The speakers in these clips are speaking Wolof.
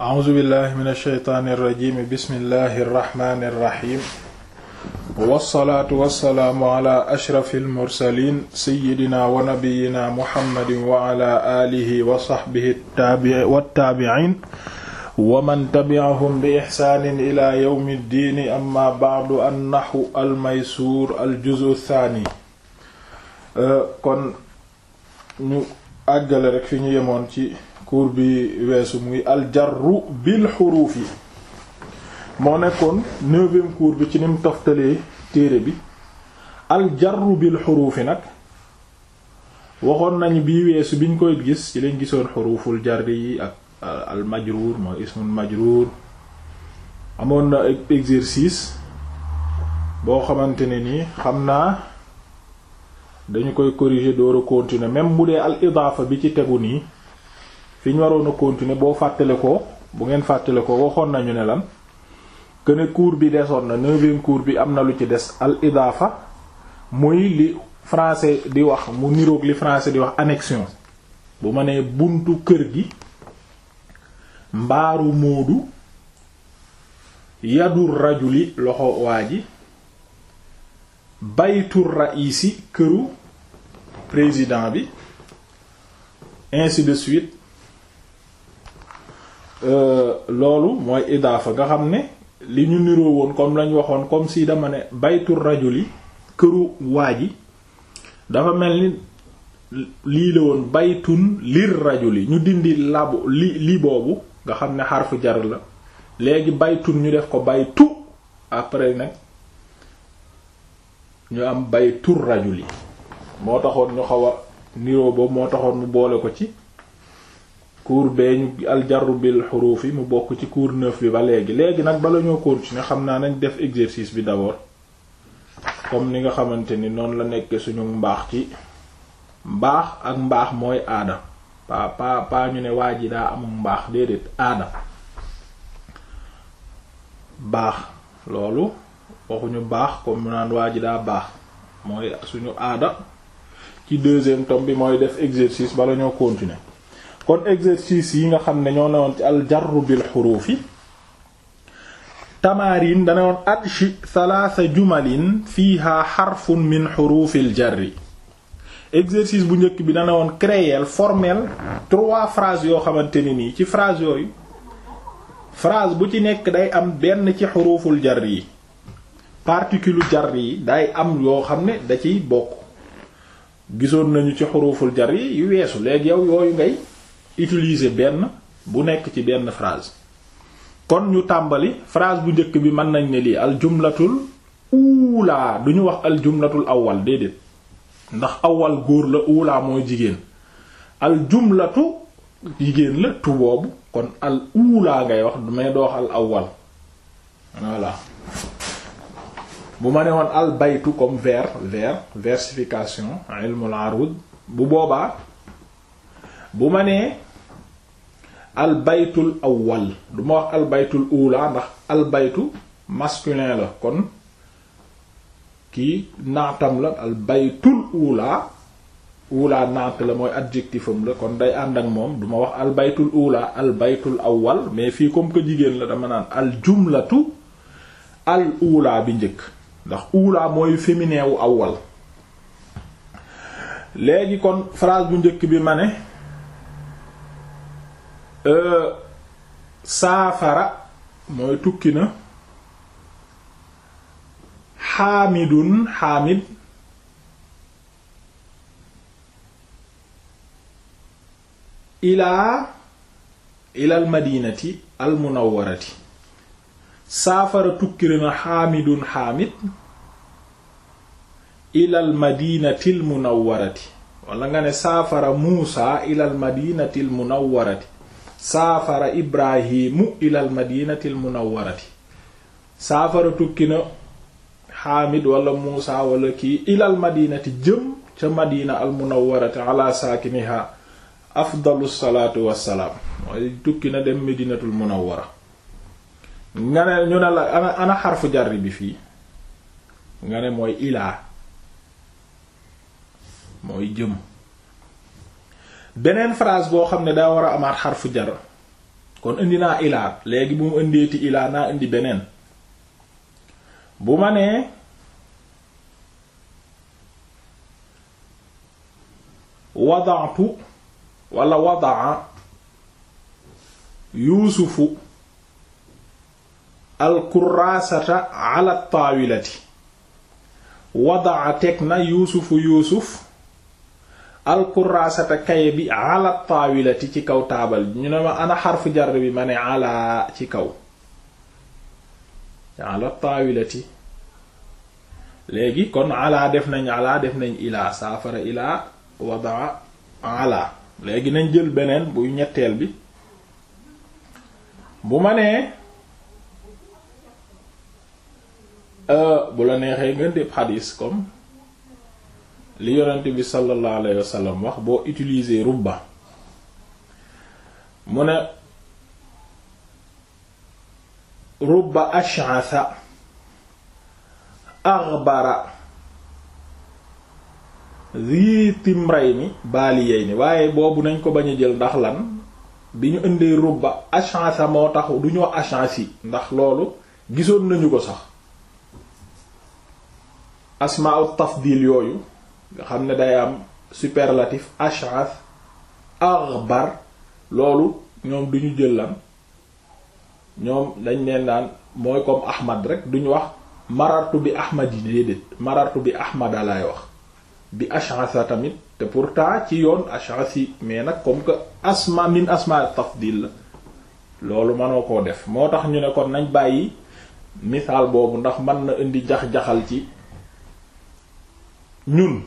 a'uuzu billahi min alsheytaani irrajimi bismillahi irrahmani irrahim wassalaatu wassalaamu ala ashrafi almursalin seyidina wa nabiyina muhammadin wa ala aalihi wa saxbihi wattaabiciin wa man tabi'ahum bi ixsaanin ila yawmi ddiini amma ba'du an-nahwu al-maysuur al-juz'u thaani kon ñu àggale rek fi ñu yemoon ci cours bi weesu muy aljarru bil xuruuf yi moo nekkoon neuvième cours bi ci ni mu toftalee téere bi aljarru bil xuruuf yi nag waxoon nañu bii weesu biñ koy gis ci lañ gisoon xuruuful jarri yi ak al majruur mooy ismul majruur amoon na e-, exercice boo xamante ne nii xam naa dañu koy corriger door a continuer même mu dee al idaafa bi ci tegu nii fi ñu waroon a continuer boo fàttale ko bu ngeen fàttale ko waxoon nañu ne lan que ne cours bi desoon na neuvième cours bi am na lu ci des al idaafa muy li français di wax mu niroog li français di wax annexion bu ma nee buntu kër gi mbaaru moodu yadul li loxo waa ji baytur raisi këru président bi ainsi de suite Euh, loolu mooy idaafa nga xam ne li ñu niroo woon comme lañ waxoon comme si dama ne baytu li këru waa ji dafa mel ni lii la woon liir lir li ñu dindi labu li li boobu nga xam ne xarfu jar la léegi baytun ñu def ko baytu après nag ñu am baytur rajuli moo taxoon ñu xaw a niroo boobu moo taxoon mu boole ko ci cours bee ñu aljarru bil xuruuf yi mu bokk ci cours neuf bi ba léegi léegi nag bala ñoo continuer xam naa nañ def exercice bi d'abord comme ni nga xamante ni noonu la nekkee suñu mbaax ci mbaax ak mbaax mooy aada pa pa pa ñu ne waa ji daa amul mbaax déedéet aada baax loolu waxuñu baax comme mu naan waa ji daa baax mooy suñu aada ci deuxième tome bi mooy def exercice bala ñoo continuer kon exercice yi nga xam ne ñoo newoon ci aljarru bil xuruufi tamarin dana woon adshi salaasa jumalin fiiha xarfun min xuruufil jarri exercice bu njëkk bi dana woon créer formel trois frase yoo xamante ni nii ci phrase yooyu phrase bu ci nekk day am benn ci xuruuful jar yi particule jar yi day am yoo xam ne da ciy bokk gisoon nañu ci xuruuful jar yi yu weesu léegi yow yooyu ngay utiliser benn bu nekk ci benn phrase kon ñu tàmbali phrase bu njëkk bi mën nañ ne lii al jumlatul uulaa duñu wax al jumlatul awwal déedéet ndax awal góor la uulaa mooy jigéen al jumlatu jigéen la tu boobu kon al uulaa ngay wax mais doo wax al bu ma ne woon al baytu comme vers vers versification ilmul arud bu boobaa bu ma nee albaytul awwal du ma wax albaytul ula ndax albaytu masculin la kon kii naatam la albaytul ula ula naat la mooy adjectifam la kon day ànd ak moom du ma wax albaytul ula albaytul awwal mais fii comme que jigéen la dama naan al jumlatu al ula bi njëkk ndax ula mooy féminin awwal léegi kon phrase bu njëkk bi ma ne Euh, saafara mooy tukki na xaamidun xaamid ilaa ilal madinati al munawwarati saafara tukkiri na xaamidun xaamid ilal madinatil munawwarati wala nga ne saafara muusa ilal madinatil munawwarati saafara ibrahimu ilal madinatil munawwarati saafara tukki na xaamid wala muusa wala kii ilal madinati jëm ca madina al munawwarati ala saakiniha afdalu salaatu wassalaam mooy tukki na dem madinatul munawwara nga ne ñu ne la ana ana xarfu jarri bi fii nga ne mooy ilaa mooy jëm beneen phrase boo xam ne daa war a amaat xarfu jara kon indi naa ilaa léegi bu mu indeeti ilaa naa indi beneen bu ma nee wadaatu wala wadaa yuusufu alkuraasata ala taawilati wadaa teg na yuusufu yuusuf alkuraasata kaye bi ala taawilati ci kaw taabal bi ñu ne ma ana xarfu jar bi ma ne ala ci kaw ala taawilati léegi kon ala def nañ ala def nañ ilaa saafara ilaa wadaa ala léegi nañ jël beneen buy ñetteel bi bu ma nee euh, bu la neexee ngeen di xadiis comme li yonent bi sallallahu alayhi wax boo utiliser rubba mu ne rubba ash'atha aghbara zi timrayni baaliyayni waaye boobu nañ ko bañ a jël ndax lan bi ñu indee rubba ash'atha moo tax du ñoo ash'athi ndax loolu gisoon nañu ko sax asmaa'u tafdil yooyu nga xam ne day am superlatif ash'ath aghbar loolu ñoom duñu jël lan ñoom dañ leen daan mooy comme ahmad rek duñu wax marartu bi ahmad yi déedéet marartu bi ahmada laay wax bi ash'atha tamit te pourtant ci yoon ash'ath yi mais nag comme que asma min asma tafdil la loolu mënoo ko def moo tax ñu ne kon nañ bàyyi misaal boobu ndax mën na indi jax-jaxal ci ñun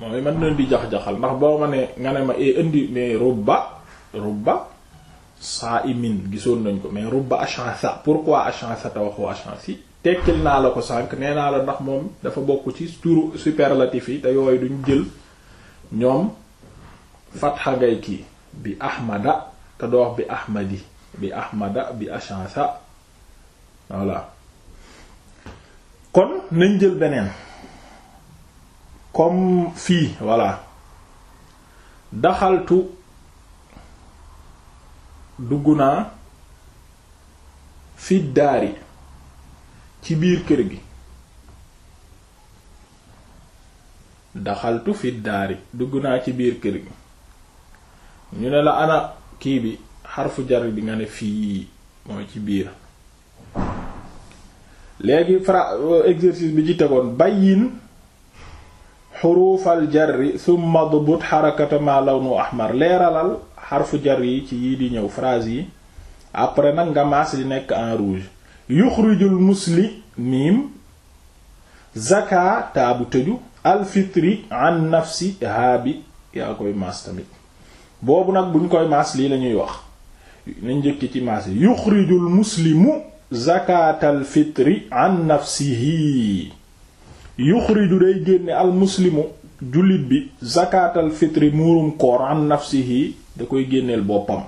mooy man leen di jax-jaxal ndax boo ma ne nga ne ma e indi mais rubba rubba saa imin gisoon nañ ko mais rubba ash'asa pourquoi ash'asa te waxu ash'asi tekkil naa la ko sànq nee naa la ndax moom dafa bokk ci turu superlatif yi te yooyu duñ jël ñoom fatxa ngay kii bi ahmada te doo wax bi ahmadi bi ahmada bi ash'asa voilà kon nañ jël beneen comme fii voilà daxaltu dugg naa fi daari ci biir kër gi daxaltu fi daari dugg naa ci biir kër gi ñu ne la ana kii bi xarfu jar bi nga ne fii mooy ci biir léegi fra euh, exercice bi ci tegoon bàyyin xuruufal jarri summa dubut xarakata ma lawnu ahmar leeralal xarfu jar yi ci yii di ñëw phrase yi après nag nga maas di nekk en rouge yuxrijul musli miim zaka taabu tëju alfitri an nafsi haabi yaa koy maas tamit boobu nag buñ koy maas lii lañuy wax nañ njëkki ci maas yi yuxrijul muslimu zakatal fitri an nafsihi yuxriju day génne al muslimu jullit bi zakaatal fitri muurum koor an nafsihi da koy génneel boppam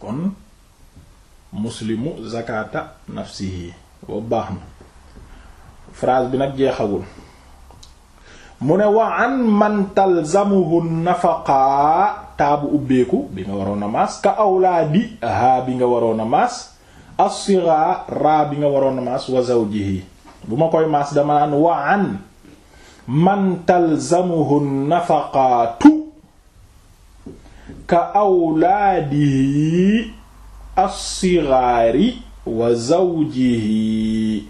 kon muslimu zakata nafsihi boobu baax na phrase bi nag jeexagul mu ne wa mantal man talzamuhu taabu ubbeeku bi nga waroon a maas ka awlaadi haa bi nga waroon a maas asiraa raa bi nga waroon a maas wa zawjihi bu ma koy maas dama naan wa an man talzamuhu nafaqaatu ka awlaadihi as-sigaari wa zawjihi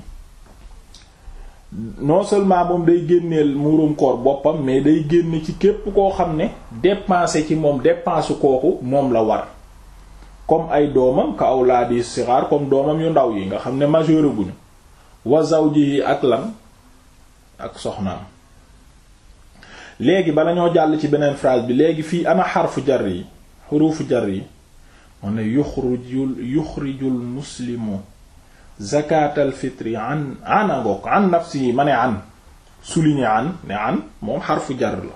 non seulement moom day génneel muurum koor boppam mais day génne ci képp koo xam ne dépenser ci moom dépense kooku moom la war comme ay doomam ka awlaadi sigaar comme doomam yu ndaw yi nga xam ne majeure wa zawjihi ak lan ak soxnaam léegi bala ñoo jàll ci beneen phrase bi léegi fii ana xarfu jar yi xurufu jar yi mu ne yuxrijul yuxrijul muslimu zakatal fitri an angook an nafsi ma ne an souligné an ne an moom xarfu jar la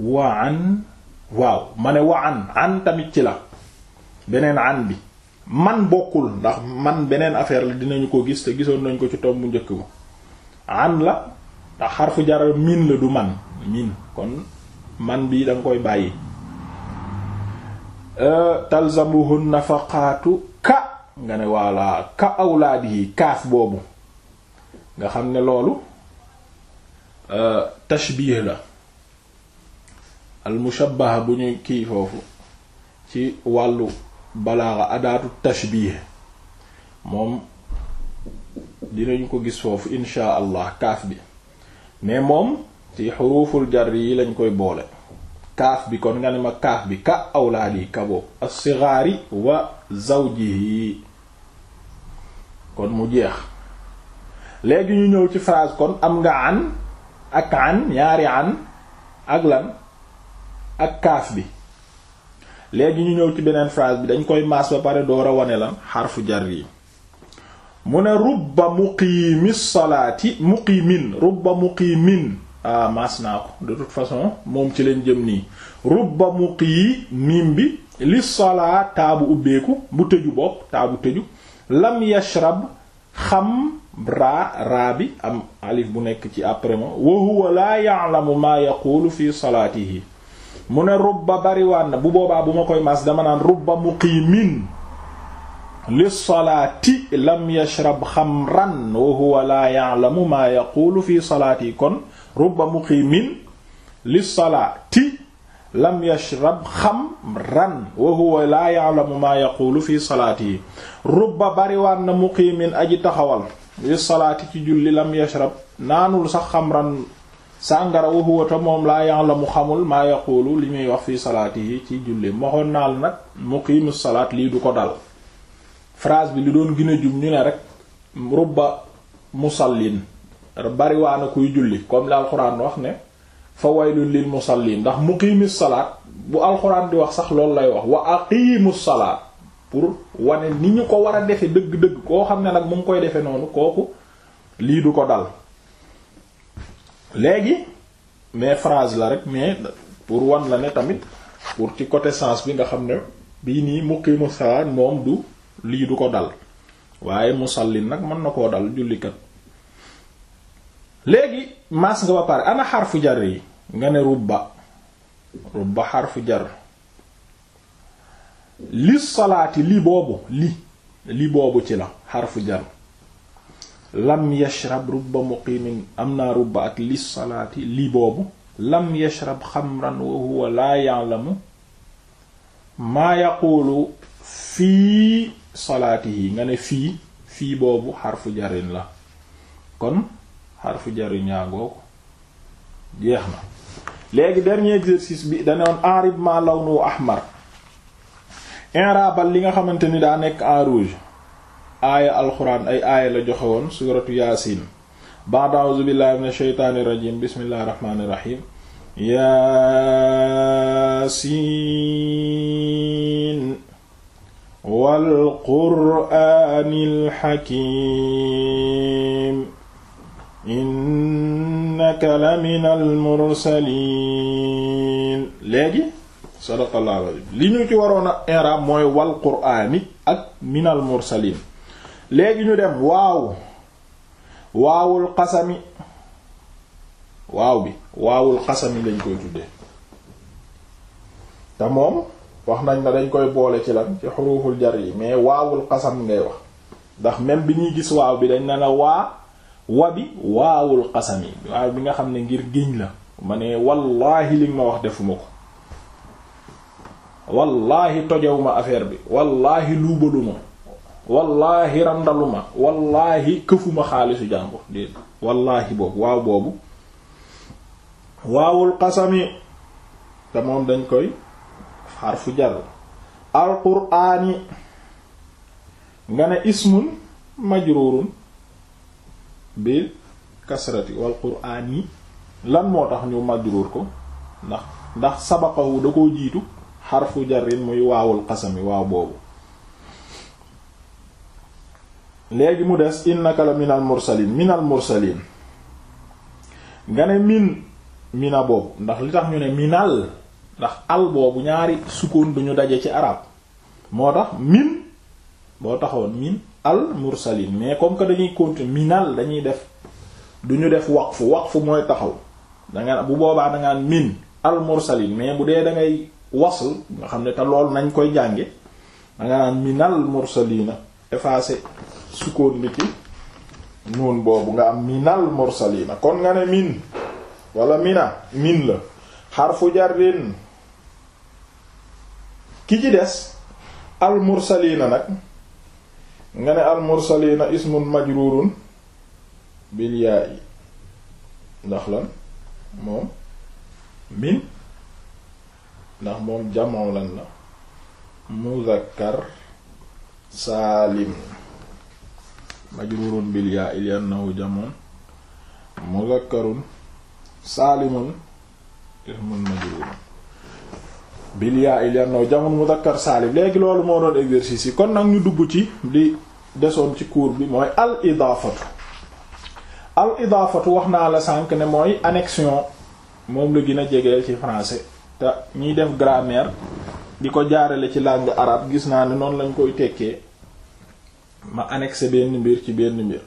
wa an waaw ma ne wa an an tamit ci la beneen an bi man bokkul ndax man beneen affaire la dinañu ko gis te gisoon nañ ko ci tomb njëkk bu an la ndax xarfu jar min la du man min kon man bi da koy bàyyi euh, talzamuhu nafaqaatu ka nga ne waalaa ka awlaad yi kaaf boobu nga xam ne loolu euh, tashbih la al bu ñu kii foofu ci wàllu balaaxa adaatu tashbiih moom dinañu ko gis foofu insha allah kaaf bi mais moom ci xuruful jar yi lañ koy boole kaaf bi kon nga ne ma kaaf bi ka awlaad yi ka boobu as-sighaari wa kon mu jeex léegi ñu ñëw ci phrase kon am nga an ak an ñaari an ak lan ak kaaf bi léegi ñu ñëw ci beneen phrase bi dañ koy maas ba pare door a wane lan xarfu jar yi mu ne rubba muqiimi salaati muqiimin rubba muqiimin ah maas naa ko de toute façon moom ci leen jëm nii rubba muqii miin bi li solaa taabu ubbeeku bu tëju bopp taabu tëju lam yashrab xam raa raa bi am alif bu nekk ci après ma wa huwa laa ya'lamu maa yaqulu fi salaatihi mu ne rubba bariwaan bu boobaa bu ma koy mas dama naan rubba muqimin li salaati lam yashrab xamran wa huwa laa ya'lamu maa yaquulu fi salaati kon rubba muqimin li salaati lam yashrab xamran wa huwa laa ya'lamu maa yaquulu fi salaati rubba bariwaan na muqimin aji taxawal li salaati ci julli lam yashrab naanul sax xamran sàngara wa huwa moom laa mu xamul maa yaqulu li muy wax fi salaatihi ci julleem waxoon naa la nag muqiimu salaat lii du ko dal phrase bi li doon gën a jub ñu ne rek rubba musallin bariwaana kuy julli comme li alxuraan wax ne fa waylul lil musallin ndax muqiimi salaat bu alxuraan di wax sax loolu lay wax wa a aqiimu salaat pour wane ni ñu ko war a defe dëgg-dëgg koo xam ne nag mu ngi koy defe noonu kooku lii du ko dal léegi mais phrase la rek mais pour wan la ne tamit pour ci côté sens bi nga xam ne bii nii muqimu salaat moom du lii du ko dal waaye musallin nag mën na koo dal jullikat léegi mas nga ba pare ana xarfu jar yi nga ne rubba rubba xarfu jar li salaati lii boobu lii li boobu ci la xarfu jar lam yashrab rubba muqimin am na rubba ak li salaati li boobu lam yashrab xamran wa huwa laa ya'lamu maa yaquulu fii salaatihi nga ne fii fii boobu xarfu jarin la kon xarfu jarin yaa ngoo ko jeex na léegi dernier exercice bi danoon arib ma lawnu ahmar inraabal li nga xamante ni daa nekk en rouge aaya alxuraan ay aaya la joxe woon suratu yaasin ba'da a'uuzu billahi mina shaytaani rajiim bismillahi rahmaani rahiim yaasin wal qur'aanil hakiim innaka laminal mursaliin léegi sadaqallaahu li ñu ci waroon a i'raab mooy wal ak minal mursaliin léegi ñu dem waaw waawul xasami waaw bi waawul xasami lañ koy tuddee te moom wax nañ na dañ koy boole ci lan ci xuruuful jar yi mais waawul xasam ngay wax ndax mem bi ñuy gis waaw bi dañ na waa wa bi waawul xasami waaw bi nga xam ne ngir géñ la ma ne wallaahi li ma wax defuma ko wallaahi tojewuma affaire bi wallaahi luubaluma wallaahi randalu ma wallaahi këfuma xaalisu jàmbur déedéet wallaahi boobu waaw boobu waawul qasami te moom dañ koy xarfu jar alquraani nga ne ismun majrurun bi kasrati wal quraani lan moo tax ñu majruur ko ndax ndax sabaqahu da ko jiitu xarfu jarin muy waawul qasami waaw boobu léegi mu des innaka la minal mursalin minal mursalin nga ne min mina boobu ndax li tax ne minal ndax al boobu ñaari sukkoon duñu daje ci arab moo tax min boo taxoon min al mursalin mais comme que dañuy compter minal dañuy def duñu def waqfu waqfu mooy taxaw danga bu boobaa dangaan min al mursalin mais bu dee da ngay wasl nga xam ne te loolu nañ koy jànge danga naan minal mursalina effacé sukkoon bi ci nuun boobu nga am minal mursalina kon nga ne min wala mina min la xarfu jarrin ki ci des al mursalina nag nga ne al mursalina ismun majrurun bil ndax lan moom min ndax moom jamoo lan la muzakkar saalim majruurun bil yaa li annahu jamun mudakkarun saalimun ismun majruurun bil yaa li annahu jamun saalim léegi loolu moo doon exercice yi kon nag ñu dugg ci li desoon ci cours bi mooy al idaafatu al idaafatu wax naa la sànq ne mooy annexion moom la gën a jegeel ci français te ñiy def gramer di ko jaarale ci langue arabe gis naa ne noonu lañ koy tekkee ma annexé benn mbir ci benn mbir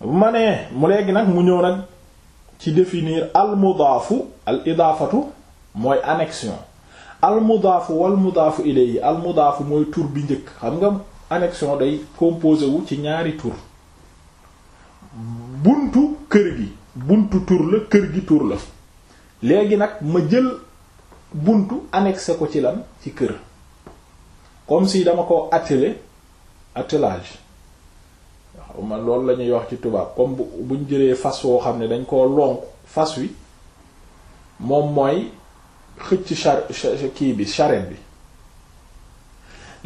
bu ma nee mu léegi nag mu ñëw nag ci définir al mudaafu mooy annexion al mudaafu wal yi almudaafu mooy tur bi njëkk xam nga annexion day composé wu ci ñaari tur buntu kër gi buntu tur la kër gi tur la léegi nag ma jël buntu annexé ko ci lan ci kër comme si dama ko attelé attelage waaw man loolu lañuy wax ci tubaab comme bu buñ jëlee fas woo xam ne dañ koo lonk fas wi moom mooy xëcc char kii bi charrette bi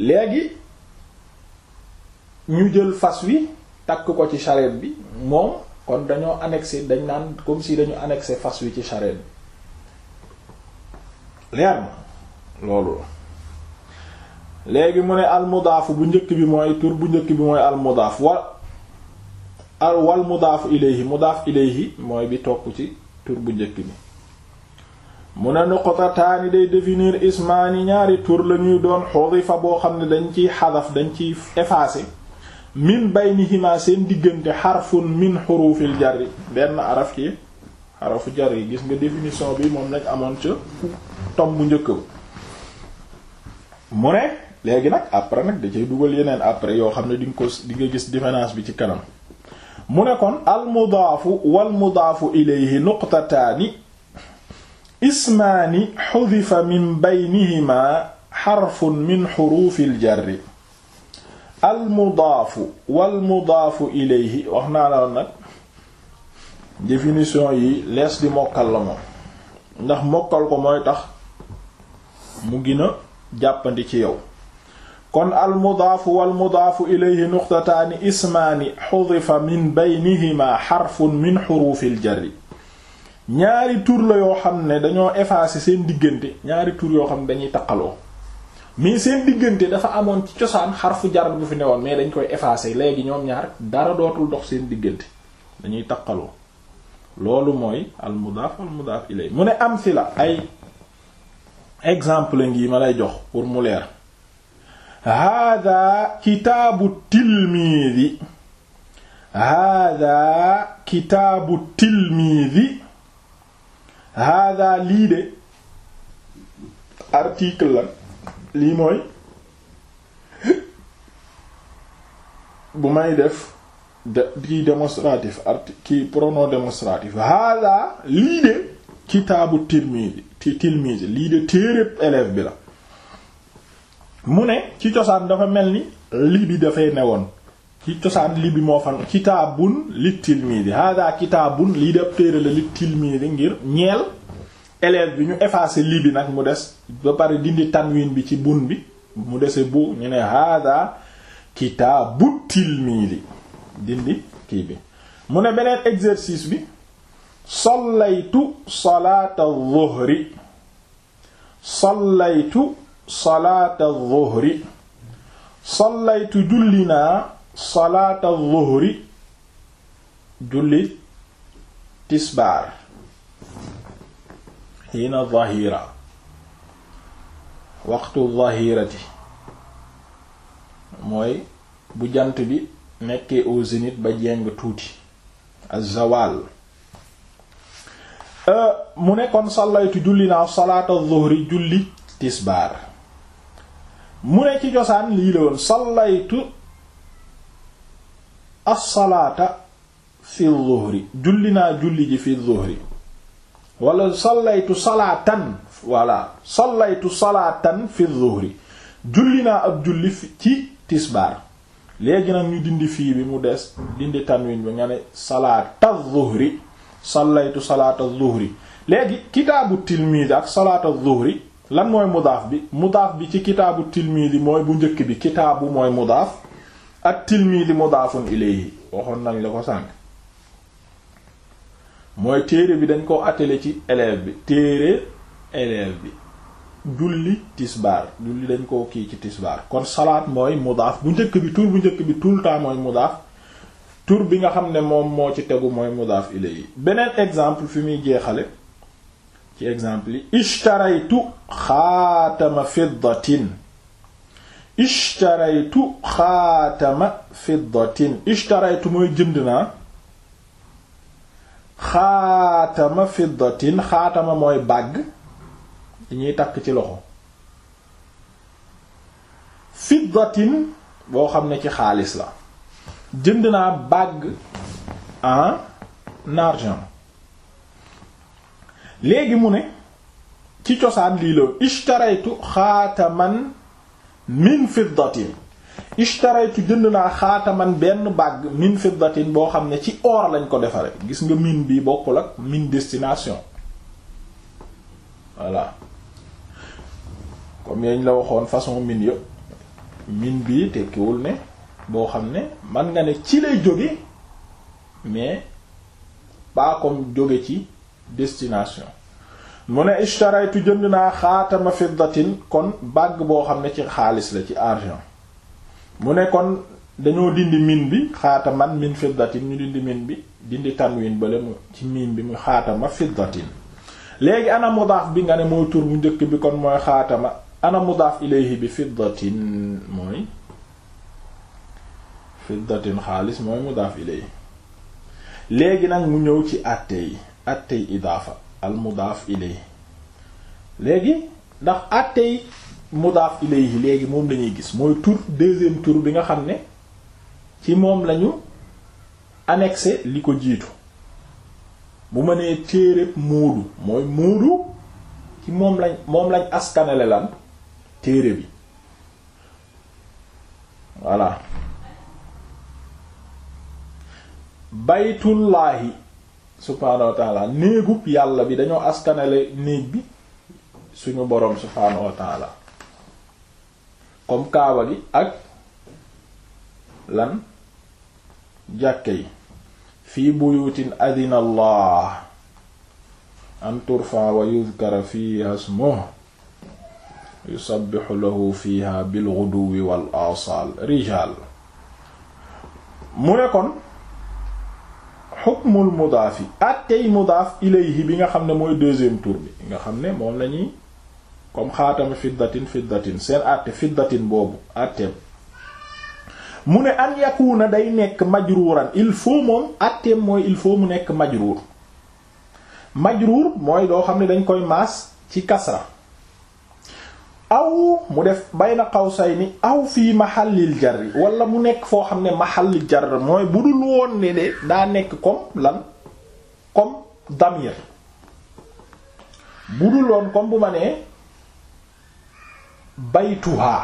léegi ñu jël fas wi takk ko ci charrette bi moom kon dañoo annexé dañ naan comme si dañu annexé fas wi ci charrette bi leer na loolu la léegi mu ne almudaafu bu njëkk bi mooy tur bu njëkk bi mooy almudaaf wa wal mudaafu ilayhi mudaaf mooy bi topp ci tur bu njëkk bi mu ne nuqtataani day définir ismaani ñaari tur lañuy doon fa boo xam ne dañ ciy xadaf dañ ciy bay min baynihima seen diggante xarfun min xurufil jarri benn araf ci arafu jar yi gis nga définition bi moom lañ amoon ca tom bu njëkk ba mu ne léegi nag après nag da cay dugal yeneen après yoo xam ne di nga ko di nga gis différence bi ci kanam mu ne kon al mudaafu wal mudaafu ilayhi nuqtataani ismaani xudifa min baynihima xarfun min xuruufi ljarri al mudaafu wal mudaafu ilayhi wax naa la nag définition yi lees di mokkal la moom ndax mokkal ko mooy tax mu gën a jàppandi ci yow kon almudaafu walmudaafu ilayhi nuqtataani ismaani xudifa min baynihima xarfun min xuruufil jarri ñaari tur la yoo xam ne dañoo effacé seen diggante ñaari tur yoo xam ne dañuy taqaloo mais seen diggante dafa amoon ci cosaan xarfu jar bu fi ne woon mais dañ koy effacé léegi ñoom ñaar dara dootul dox seen diggante dañuy taqaloo loolu mooy almudaaf almudaaf ilayhi mu ne la ay exemple ngi ma lay jox pour mu leer hada kitaabu tilmiidi hada kitaabu tilmiidi hada lii de article la lii mooy bu may def de kii démonstratif art kii pronom démonstratif hada lii de kitaabu tilmiidi mu ne ci cosaan dafa mel ni li bi dafay newoon ci cosaan li bi moo fa kitaabun li tilmiidi hada kitaabun lii def téere li tilmiidi ngir ñeel élève bi ñu effacé li bi nag mu des ba pare dindi tanwin bi ci bun bi mu desee bu ñu ne hada kitaabu tilmiidi dindi kii bi mu ne beneen exercice bi sollaytu salaata zuhri sollaytu salaata zuhri sallaytu julli naa salaata zuhri julli tisbaar hiina zahira waxtu zahirati mooy bu jant bi nekkee au zénith ba jeng tuuti azawal euh, mu nekkoon sallaytu julli naa salaata zuhri julli tisbaar mu ne ci josaan lii la woon sallaytu as-salaata fi dhuhri julli naa julli ji fi dhuhri wala sallaytu salaatan wala sallaytu salaatan fi dhuhri julli naa ab julli ci tisbaar léegi nag ñu dindi fii bi mu des dindi tanwin bi nga ne salaata dhuhri sallaytu salaata dhuhri léegi kitaabu tilmiid ak salaata dhuhri lan mooy mudaaf bi mudaaf bi ci kitaabu tilmiidi mooy bu njëkk bi kitaabu mooy mudaaf ak tilmiidi mudaafun ilayhi waxoon nañ la ko sànq mooy téere bi dañ koo attelé ci élève bi téere élève bi julli tisbaar julli dañ koo kii ci tisbaar kon salaat mooy mudaaf bu njëkk bi tur bu njëkk bi tout le temps mooy mudaaf tur bi nga xam ne moom moo ci tegu mooy mudaaf ilayhi beneen exemple fi muy jeexale ci exemple yi ishtaraytu xaatama fiddatin ishtaraytu mooy jënd naa xaatama fiddatin xaatama mooy bàgg li ñuy takk ci loxo fiddatin boo xam ne ci xaalis la jënd naa bàgg en argent léegi mu ne ci cosaan lii la ishtaraytu xaataman min fiddatin ishtaraytu jënd naa xaataman benn bàgg min fiddatin boo xam ne ci or lañ ko defare gis nga miin bii bokkul ak min destination voilà comme yañ la waxoon façon min yëpp min bii tekkiwul ne boo xam ne man nga ne ci lay jóge mais pas comme jóge ci destination mu ne ishtaraytu jënd naa xaatama fiddatin kon bàgg boo xam ne ci xaalis la ci argent mu ne kon dañoo dindi min bi xaataman min fiddatin ñu dindi min bi dindi tanwin bale mu ci miin bi mu xaatama fiddatin léegi ana mudaaf bi nga ne mooy tur bu njëkk bi kon mooy xaatama ana mudaaf ilayhi bi fiddatin mooy fiddatin xaalis mooy mudaaf ilayhi léegi nag mu ñëw ci àtte yi attey idaafa al mudaaf ilayhi léegi ndax attey mudaaf ilayhi léegi moom lañuy gis mooy tur deuxième tur bi nga xam ne ci moom lañu annexé li ko jiitu bu ma nee téereb moodu mooy moodu ci moom lañ moom lañ askanale lan téere bi voilà baytullaahi subhaanahu wa néegub yàlla bi dañoo askanale néeg bi suñu boroom subhaanahu wa comme kaaba ak lan jàkke yi fii buyutin adina allah an turfa wa yudkara fiha ismuhu yusabbixu lahu fiha bilguduwi wal asal rijal mu ne kon xukmul mudaaf yi attey mudaaf ilayhi bi nga xam ne mooy deuxième tour bi nga xam ne moom la ñuy comme xaatama fiddatin fiddatin seen atte fiddatin boobu atteem mu ne an na day nekk majruuran il faut moom atteem mooy il faut mu nekk majruur majruur mooy loo xam ne dañ koy maas ci kasra aw mu def bayna qawsayni aw fii mahallil jarri walla mu nekk foo xam ne mahallil jarr mooy bu dul woon ne de daa nekk comme lan comme damir bu dul woon comme bu ma nee baytuha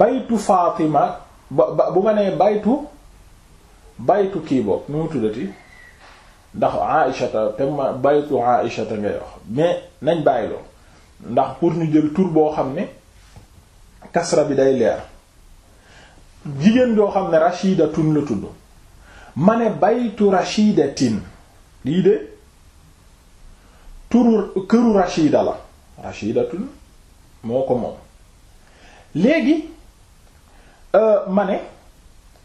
baytu Fatima ba bu ma nee baytu baytu kii boog nu mu tuddati ndax Aïshata te ma baytu Aïshata ngay wax mais nañ bàyyiloo ndax pour ñu jël tur boo xam ne kasra bi day leer jigéen joo xam ne rashidatun la tudd ma ne baytu rashidatin lii de turu këru rashida la rashidatun moo ko moom léegi euh, ma ne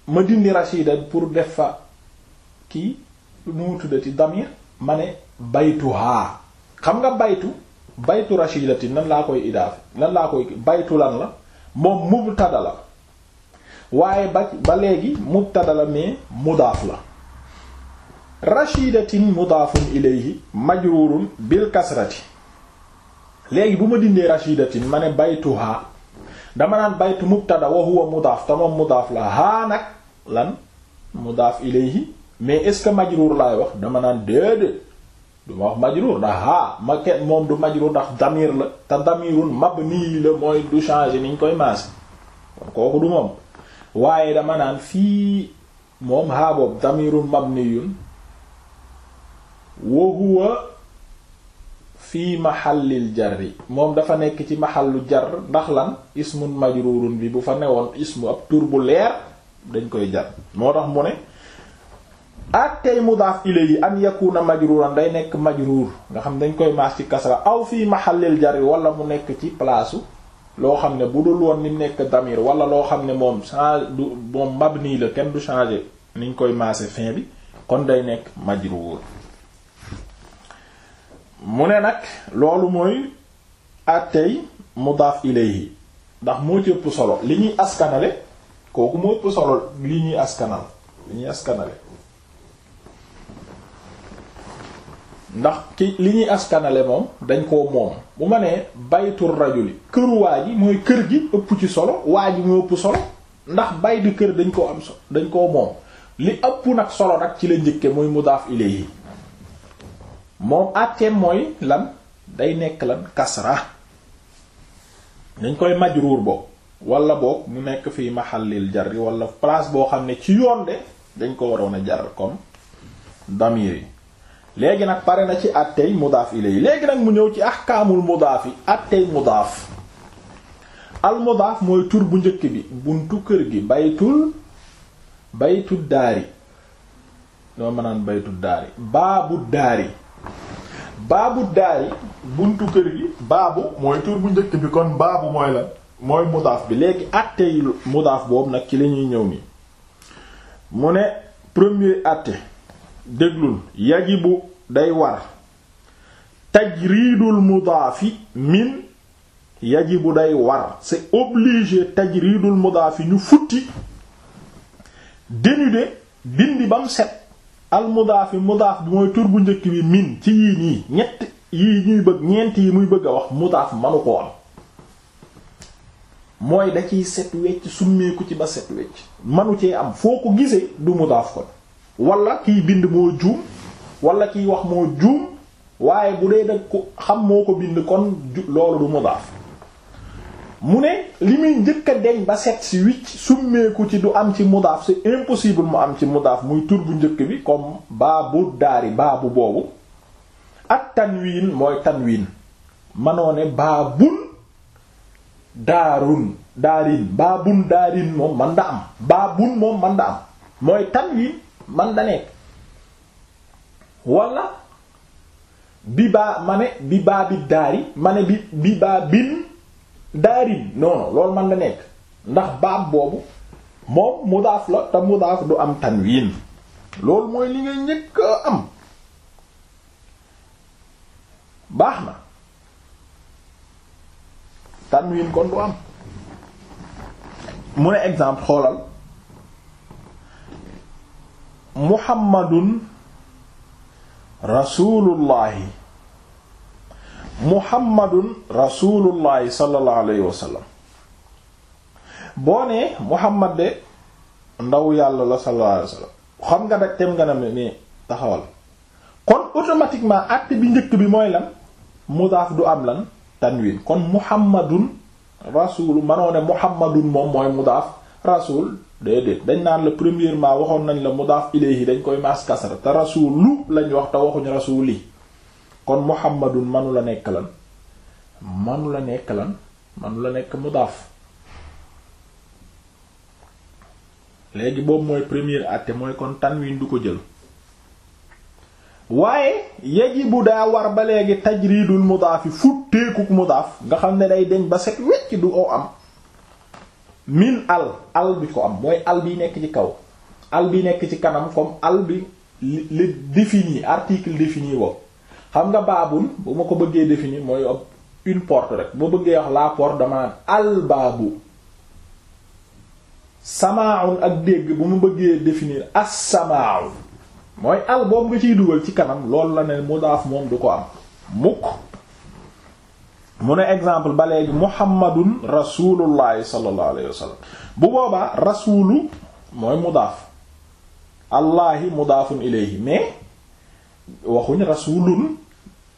ma dindi rashida pour def fa kii nu mu tuddati damir ma ne baytuhaa xam nga baytu baytu rashidati nan laa koy idaafe nan laa koy baytu lan la moom mubtada la waaye ba ba léegi mubtada la mais mudaaf la rashidatin mudaafun ilayhi majrurun bil kasrati léegi bu ma dindee rashidatin ma ne baytuha dama naan baytu mubtada wa huwa mudaaf tamam mudaaf la haa nag lan mudaaf ilayhi mais est ce majruur laay wax dama naan déedéet du ma wax majruur ndax ah ma kenn moom du majru ndax damir la te damirun mabni la mooy du changer niñ koy maas kon kooku du moom waaye dama naan fii moom haa boobu damirun mabniyun wa huwa fii mahallil jarri moom dafa nekk ci mahallu jar ndax lan ismun majruurun bi bu fa newoon ismu ab tur bu leer dañ koy jar moo tax mu ne ak yi mudaaf ilayhi an yakuna majruran day nekk majruur nga xam dañ koy maas ci kasra aw fii mahallil jar wala mu nekk ci palaasu loo xam ne bu dul woon ni nekk damir wala loo xam ne moom change du moom nii la kenn du changer niñ koy maase fin bi kon day nekk majruur mu ne nag loolu mooy àttey mudaaf yi ndax moo ci ëpp solo li ñuy askanale kooku moo ëpp solo li ñuy askanal li ñuy askanale ndax ki li ñuy askanale moom dañ koo moom bu ma nee baytur rajuli kër waa ji mooy kër gi ëpp ci solo waa ji mu ëpp solo ndax bay du kër dañ koo am so dañ koo moom li ëpp nag solo nag ci la njëkke muy mudaaf ilayhi moom àtteem mooy lan day nekk lan kasra dañ koy majruur boog wala boog mu nekk fii mahallil jarri wala place boo xam ne ci yoon de dañ ko waroon a jar comme damir yi léegi nag pare na ci attey mudaaf ilay léegi nag mu ñëw ci ahkaamul mudaaf yi attey mudaaf al mudaaf mooy tur bu njëkk bi buntu kër gi baytul baytu daari doo ma naan baytu daari baabu daari baabu daari buntu kër gi baabu mooy tur bu njëkk bi kon baabu mooy la mooy mudaaf bi léegi attey mudaaf boobu nag ci la ñuy ñëw mi mu ne premier atte déglul yajibu day war tajriidul mudaafi min yajibu day war c'est obligé tajriidul mudaafi ñu futti dénude dindi bam set al mudaafi mudaaf bi mooy tur bu njëkk bi min ci yii nii ñett yii ñuy bëgg ñeent yi muy bëgg a wax mudaaf manu ko am mooy da ciy set wecc summeeku ci ba set wecc manu cee am foo ko gisee du mudaaf kon wala kiy bind moo juum wala kiy wax moo juum waaye bu dee dag ko xam moo ko bind kon loolu du mudaaf mu ne li muy njëkk a deñ ba set si wicc summeeku ci du am ci mudaaf c'est impossible mu am ci mudaaf muy tur bu njëkk bi comme baabu daari baabu boobu ak tanwiin mooy tanwiin manoo ne baabun daarun daarin baabun daarin moom man da am baabun moom man da am mooy tanwiin man da nekk wala bi baa ma ne bi baa daari ma ne bi bi bin daarin non loolu man da nekk ndax baab boobu moom mudaaf la te mudaaf du am tanwiin loolu mooy li nga njëkk am baax na tanwiin kon du am mu ne exemple xoolal muhammadun rasulullahi muhammadun rasulullahi sallallahu alayhi wa sallam boo nee muhammad de ndaw yàlla la sallallahu alayhi wa xam nga nag tem nga na ni taxawal kon automatiquement acte bi njëkk bi mooy lan mudaaf du am lan tanwin kon muhammadun rasul manoo muhammadun moom mooy mudaaf rasul déedéet dañ naan la premièrement waxoon nañ la mudaaf ilayhi dañ koy maas kasra te rasuulu lañ wax te waxuñ rasuuli kon muhammadun manu la nekk lan manu la nekk lan la nekk mudaaf léegi boobu mooy premier àtte mooy kon tan tanwin du ko jël waaye bu daa war ba léegi tajridul mudaaf yi futteeku mudaaf nga xam ne day deñ ba set wecc du oo am min al al bi ko am mooy al bi nekk ci kaw al bi nekk ci kanam comme al bi li défini article défini wo xam nga baabul bu ma ko bëggee définir mooy une porte rek boo bëggee wax la porte damaa al baabu samaaun ak dégg bu mu bëggee définir as samaaun mooy al boobu nga ciy dugal ci kanam loolu la ne mudaaf moom du ko am mukk mu ne exemple ba léegi muhammadun rasulullahi sallallahu alayhi wa sallam bu boobaa rasulu mooy mudaaf allahi mudaafun ilayhi mais waxuñ rasulun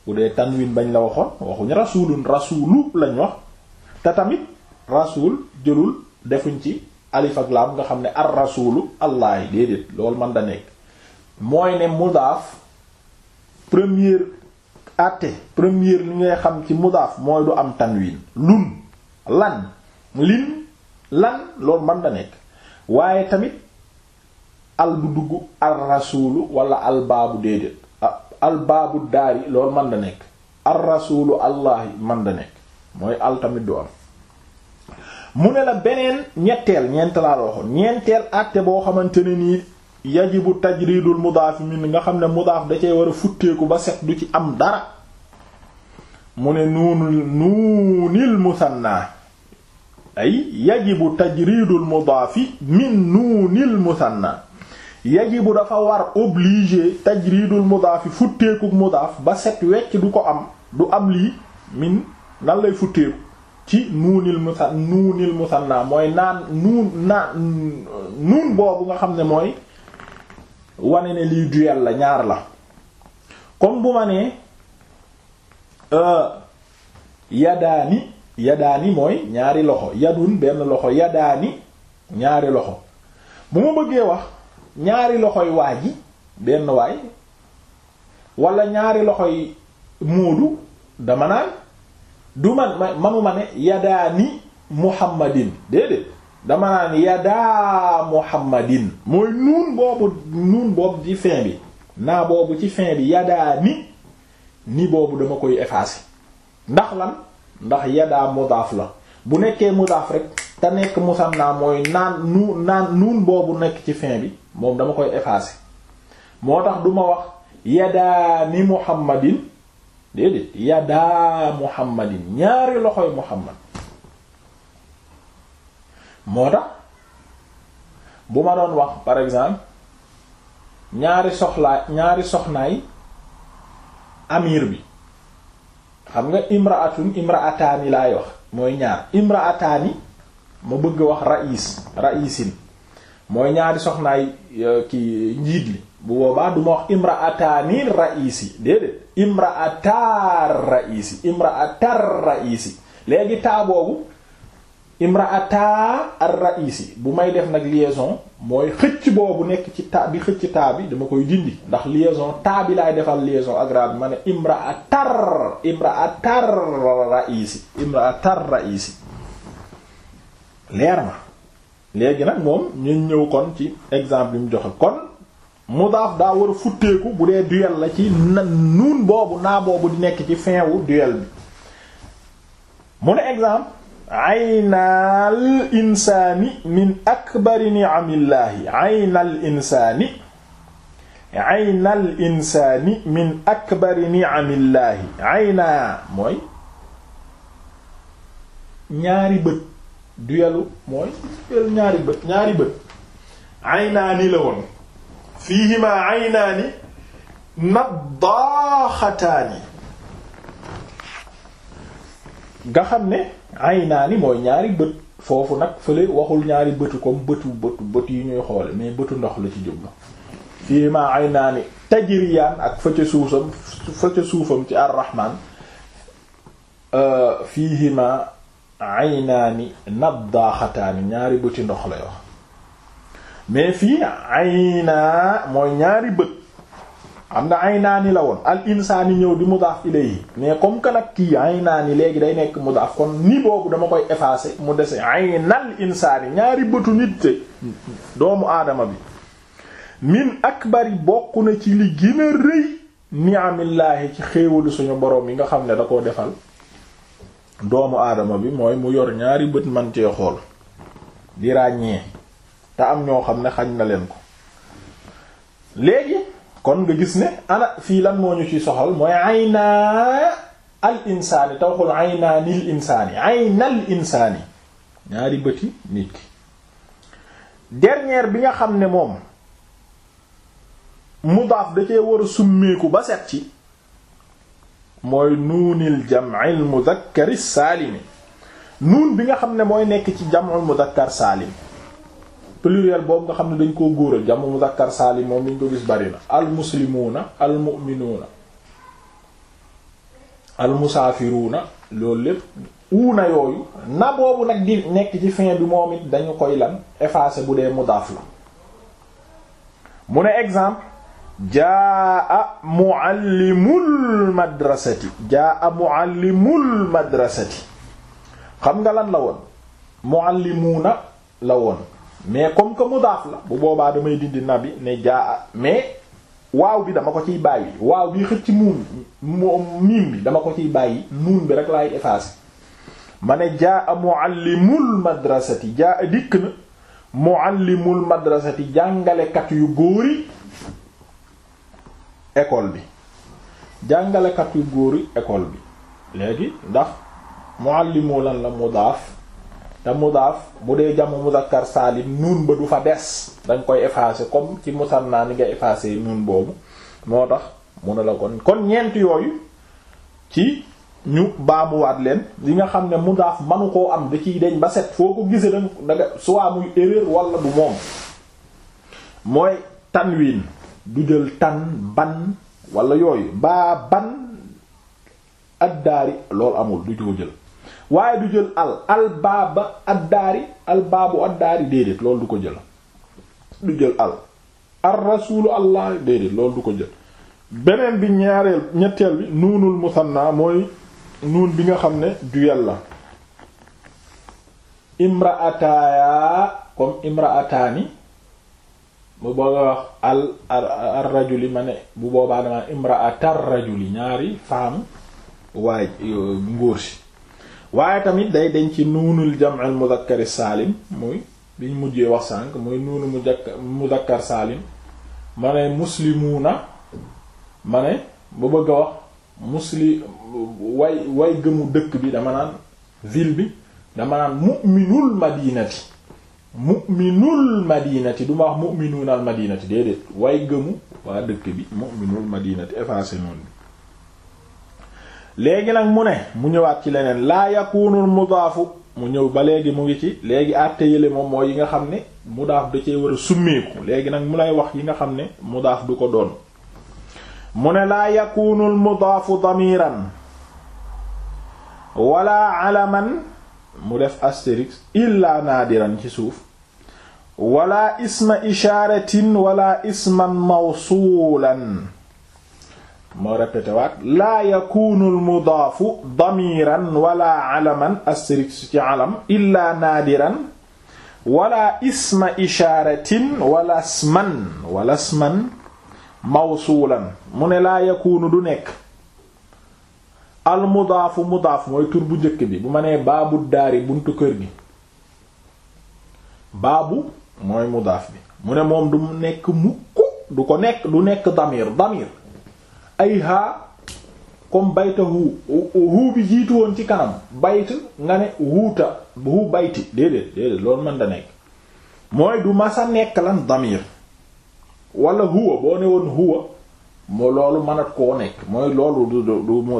bu dee tanwin bañ la waxoon waxuñ rasulun rasulu lañ wax te tamit rasul jëlul defuñ ci alif ak laam nga xam ne ar rasulu allahi déedéet loolu man da nekk mooy ne mudaaf première atte première li ngay xam ci mudaaf mooy du am tanwin lun lan lin lan loolu mën da nekk waaye tamit al bu dugg al rasuulu wala al baabu déedéet ah, al baabu daari loolu mën da nekk al rasuulu allaahi mën da nekk mooy al tamit du am mu ne la beneen ñetteel ñeent laa la waxoon ñeenteel atte boo xamante nii yajibu tajridul mudaaf min nga xam ne mudaaf da cee war a futteeku ba set du ci am dara mu ne nuunul nuunil musanna ay yajibu tajridul mudaafi min nuunil musanna yajibu dafa war obligé tajridul mudaafi futteeku mudaaf ba set wecc du ko am du am lii min nan lay futteeku ci nuunil musanna mooy naan nuun naan nuun boobu nga xam ne mooy wane ne lii duel la ñaar la comme bu ma nee euh, yadaani yadaani mooy ñaari loxo yadun benn loxo yadaani ñaari loxo bu ma bëggee wax ñaari loxoy waa ji benn waay wala ñaari loxoy móodu dama naan du man manuma ne yadaani muhammadin déedéet dama naan yadaa muhammadin mooy nuun boobu nuun boobu ci fin bi naa boobu ci fin bi yadaa ni ni boobu dama koy effacer ndax lan ndax yadaa mudaaf la bu nekkee mudaaf rek te nekk musanna mooy naan nu naan nuun boobu nekk ci fin bi moom dama koy effacer moo tax duma wax yadaa ni muhammadin déedéet yadaa muhammadin ñaari loxoy muhammad moo tax bu ma doon wax par exemple ñaari soxlaa ñaari soxnaay amir bi xam nga imraatun imraataani laay wax mooy ñaar imraataani ma bëgg wax rais raisin mooy ñaari soxnaay euh, ki njiit li bu boobaa du ma wax imraataani raisi déedéet imraataar raisi imraatar raisi léegi taa imraata ar-ra'isi bu may def nag liaison mooy xëcc boobu nekk ci ta bi xëcc taa bi dama koy dindi ndax liaison taa bi laay defal liaison agrabe bi ma ne imraatar imraatar ra'isi imraatar ra'isi leer na léegi nag moom ñu ñëw kon ci exemple bi mu joxe kon mudaaf daa war a futteeku bu dee duel la ci na boobu naa boobu di nekk ci fin wu duel bi mu ne exemple aynaal insaani min akbari ni'amillaahi aynaal insaani aynal insaani min akbari ni'amillaahi ayna mooy ñaari bët duyalu mooy duyalu ñaari bët ñaari bët aynaani la woon fiihimaa aynaani naddaaxataani nga xam ne ay naa ni mooy ñaari bët foofu nag fële waxul ñaari bëtu comme bëtu bëtu bët yi ñuy xoole mais bëtu ndox la ci jublu fii ma ay naa ni tajiriyaan ak fëcc suufam fëcc suufam ci ar-Rahmaan euh, fiihima aynaani naddaaxataani ñaari bëti ndox lay wax mais fii aynaa mooy ñaari bët xam nga ay naani la woon al insaani ñëw di mudaaf ilayhi mais comme que nag kii ay naani léegi day nekk mudaaf kon ni boobu dama koy effacer mu dese ay nal insaani ñaari bëtu nit te doomu aadama bi min akbari bokk na ci li gën a rëy ni'amillaahi ci xéewalu suñu borom yi nga xam ne da koo defal doomu aadama bi mooy mu yor ñaari bët man xool di ràññee te am ñoo xam ne xañ na leen ko léegi kon nga gis ne ana fii lan moo ñu ci soxal mooy aynaa al insaani tawxul aynaanil insaani aynal insaani ñaari bëti nit ki dernière bi nga xam ne moom mudaaf da cee war a summeeku ba set ci mooy nuunil jam'il mudakkari saalimi nuun bi nga xam ne mooy nekk ci jam'ul mudakkar saalim pluriel boobu nga xam ne dañ koo góoral jamu muzakkar saalim moom ko gis bari na almuslimuuna almu'minuuna almusaafiruuna loolu lépp uuna yooyu na boobu nag di nekk ci fin bi moom it dañu koy lan effacer bu dee mudaaf la mu ne exemple jaa muallimul madrasati jaa muallimul madrasati xam nga lan la woon muallimuuna la woon mais comme que mudaaf la bu boobaa damay dindi nabi ne jaa mais waaw bi dama ko ciy bàyyi waaw bi xëcc muum miim bi dama ko ciy bàyyi nuun bi rek laay effacer ma ne jaa muallimul madrasati jaa dikk na muallimul madrasati jàngalekat yu góor yi école bi jàngalekat yu góor yi école bi léegi ndax muallimu lan la mudaaf te mudaaf bu dee jamu muzakkar saalim nuun ba du fa des danga koy effacer comme ci musanna ni nga effacer nuun boobu moo tax mu ne la kon kon ñeent yooyu ci ñu baamuwaat leen li nga xam ne mudaaf manu koo am di ciy deñ ba set foo ko gisee danga danga soit muy erreur walla du moom mooy tan tanwin du jël tan ban wala yooyu baa ban addaari loolu amul du ci jël waaye du jël al al baaba addaari al baabu addaari déedéet loolu du ko jël du jël al ar rasulu allah déedéet loolu du ko jël beneen bi ñaareel ñetteel bi nuunul musanna mooy nuun bi nga xam ne duel la imraataaya comme imraataani bu boobaa wax al rajuli ma ne bu boobaa damaa imraatar rajuli ñaari femme waaye ngóor si waaye tamit day deñ ci nuunul jam'al mudakkari saalim muy biñ mujjee wax sànq muy nuunu mudakkar mudakkar saalim ma ne muslimuuna ma ne ba bëgg wax musli way way gëmu dëkk bi dama naan ville bi dama naan mu'minul madinati mu'minul madinati du ma wax mu'minuunal madinati déedéet way gëmu waa dëkk bi mu'minul madinati effacé noonu bi léegi nag mu ne mu ñëwaat ci leneen laa yakunul mudaafu mu ñëw ba léegi mu ngi ci léegi àtte yële moom mooy yi nga xam ne mudaaf da cee war a léegi nag mu lay wax yi nga xam ne mudaaf du ko doon mu ne laa yakunul mudaafu damiran wala alaman mu def astérix illa naadiran ci suuf wala isma ishaaratin wala isman mawsuulan moo répété waat laa yakunu al mudaafu damiran wala alaman astrix alam illa naadiran wala isma ishaaratin wala sman wala sman mawsuulan mu laa yakunu du nekk al mudaafu mudaaf bu njëkk bi bu ma nee kër gi baabu mooy mudaaf bi moom du nekk mukk du ko nekk du nekk damir damir ay haa comme bayta hu hu bi jiitu woon ci kanam bayt nga ne huuta hu bayti déedéet déedéet loolu da nekk mooy du masa nekk lan damir wala huwa boo ne woon huwa moo loolu mënat koo nekk mooy loolu du du moo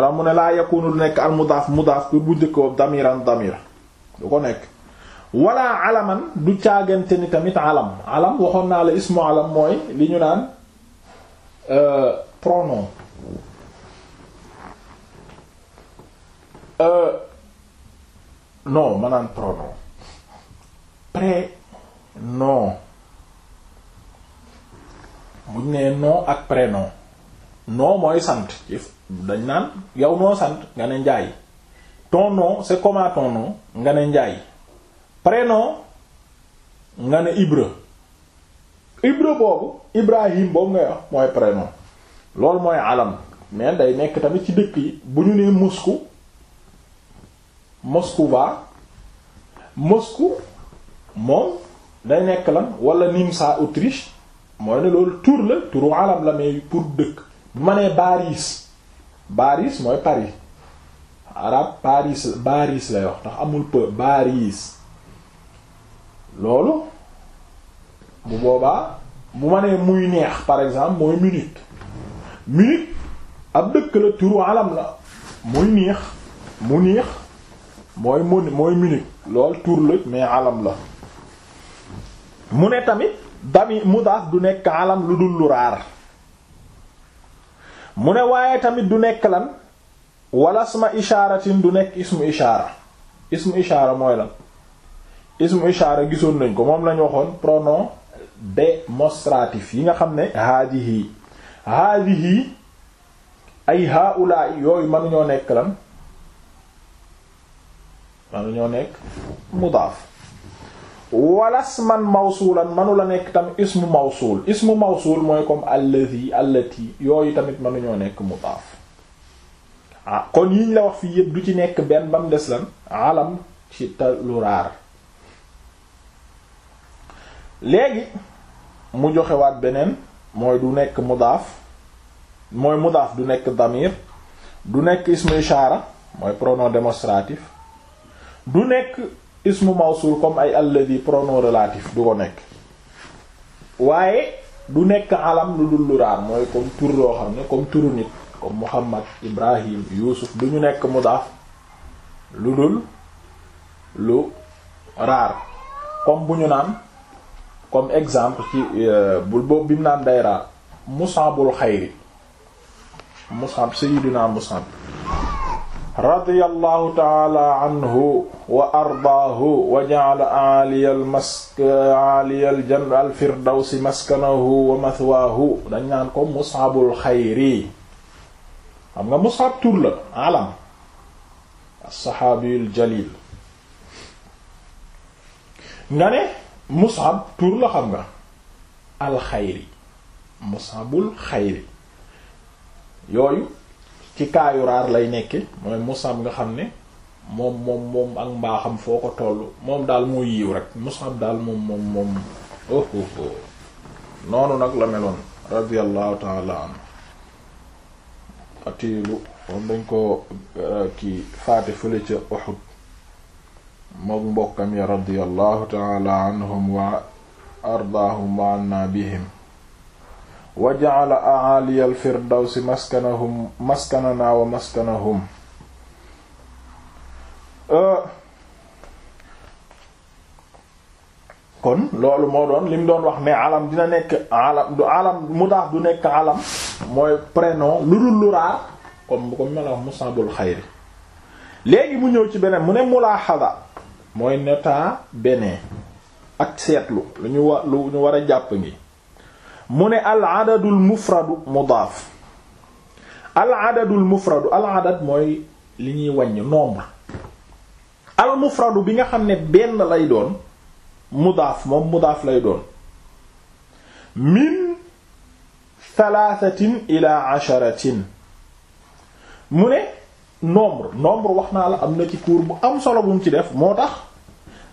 la mu ne laa yakunu du nekk al mudaaf mudaaf bi bu njëkk damiran damir du ko nekk wala alaman du caagante ni tamit alam alam waxoon naa la ismu alam mooy li ñu naan euh, pronom euh, non ma naan pronom prénom buñ mooy sant ci dañ naan yow noo sant nga ne Njaay ton no c'est comment ton nom nga ne Njaay prénom nga ne Ibra Ibra boobu Ibrahim boobu ngay wax mooy prénom loolu mooy alam mais day nekk tamit ci dëkk yi bu ñu nee Moscou Moskova Moscou moom day nekk lan wala Nimsa Autriche mooy ne loolu tur la turu alam la mais pour dëkk bu ma nee Baris Baris mooy Paris arab Paris Baris lay ndax amul peu Baris loolu bu boobaa bu ma nee muy neex par exemple mooy minute minute ab dëkk la turu alam la muy neex mu neex mooy mu mooy minute lool tur la mais alam la mu ne tamit dami mudaaf du nekk alam lu dul lu raar mu ne waaye tamit du nekk lan wala isma ishaaratin du nekk ismu ishaara ismu ishaara mooy lan ismu ishaara gisoon nañ ko moom lañ waxoon pronom démonstratif yi nga xam ne haadihi haadihi ay haula yooyu ñoo nekk lan mënuñoo nekk mudaaf walasman mawsulan mënu la nekk tam ismu mawsul ismu mawsul mooy comme allazi allati yooyu tamit ñoo nekk mudaaf ah kon yiñ la wax fii yëpp du ci nekk benn ba mu des lan alam ci te léegi mu joxewaat beneen mooy du nekk mudaaf mooy mudaaf du nekk damir du nekk ismu ishaara mooy pronom démonstratif du nekk ismu mawsul comme ay alladhi pronom relatif du ko nekk waaye du nekk alam lu dul lu raar mooy comme tur loo xam ne comme turu nit comme Muhammad Ibrahim Yuusuf du ñu nekk mudaaf lu dul lu raar comme bu ñu naan comme example ci euh, bu boobu bi mu naan dayra Musabul xayri Musab sayyidina Musab radiyallahu anhu wa ardaahu wa ja'ala aliyal mask al firdawsi maskanahu wa mathwaahu dañ naan ko Musabul xayri xam nga Musab alam as-sahaabiyul jaliil Mus'ab tur la xam nga alxayri Mus'abul xayri yooyu ci kaayu raar lay nekke mooy Mus'ab nga xam ne moom moom moom ak mbaaxam foo ko tollu moom daal moo yiw rek Mus'ab daal moom moom moom oh, oh, oh noonu nag la meloon radiyallahu ta'ala anhu atiilu moom dañ ko euh, kii faate fële ca Uhud mook mbokkam ya radiyallahu taala anhum wa ardaahum wa anna bihim wa ja'ala a'ali al-firdawsi maskanahum maskanana wa maskanahum kon loolu moo doon li mu doon wax ne alam dina nekk alam du alam mudaaf du nekk alam mooy prénom lu dul lu raar comme bu ko mela musabul xayri léegi mu ñëw ci beneen mu ne mulaaxada mooy neta benee ak seetlu lu ñu war a jàpp ngi mu ne al adadul mufradu mudaaf al adadul mufradu al adad mooy li ñuy wàññ nombre al mufradu bi nga xam ne benn lay doon mudaaf moom mudaaf lay doon min thalathatin ila mu ne nombre nombre wax naa la am na ci cours bu am solo bu mu ci def moo tax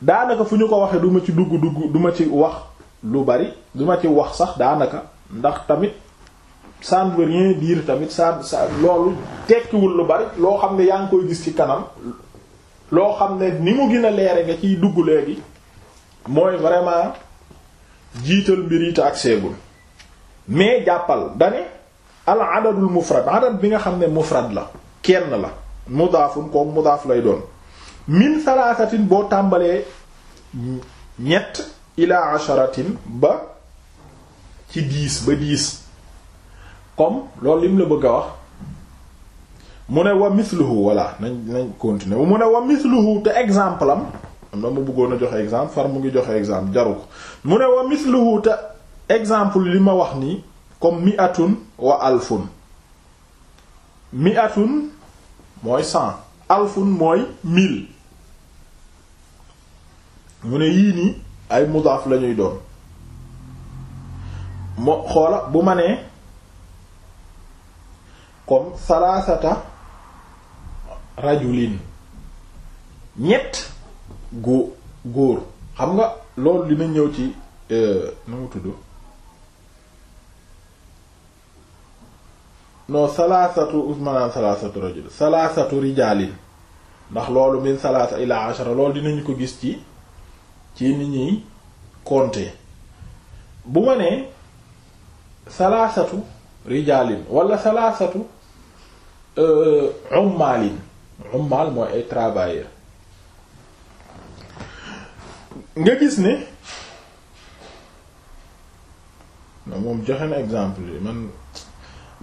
daanaka fu ñu ko waxee du ma ci dugg dugg duma ci wax lu bari du ma ci wax sax daanaka ndax tamit ça ne veut tamit ça ça loolu tekkiwul lu bari loo xam ne yaa ngi koy gis ci kanam loo xam ne ni mu gën a leere nga ciy dugg léegi mooy vraiment jiital mbir yi ak seegul mais jàppal dane al adadul mufrad adad bi nga xam ne mufrad la kenn la mudaafun kooku mudaaf lay doon min salaasatin boo tàmbalee ñett ila asharatin ba ci dix ba dix comme loolu lim la bëgg wax mu ne wa misluhu voilà nañ nañ continuer mu ne wa misluhu te exemple am am na mu bëggoon a joxe exemple far mu ngi joxe exemple jaru ko mu ne wa misluhu te exemple li ma wax nii comme mi'atun wa alfun mi'atun mooy cent alfun mooy mille mu ne yii nii ay mudaaf lañuy doon mo xoola bu ma nee comme salaasata rajulin ñett gó góor xam nga loolu dina ñëw ci euh, nu mu tudd non salaasatu maanaam salaasatu rajul salaasatu rijaalin ndax loolu min salaasa ila ashara loolu dinañu ko gis ci ci ni ñuy compter bu ma nee salaasatu rijaalin walla salaasatu euh, ummaalin ummaal mooy ay travailleurs nga gis ne moom joxe na exemple man.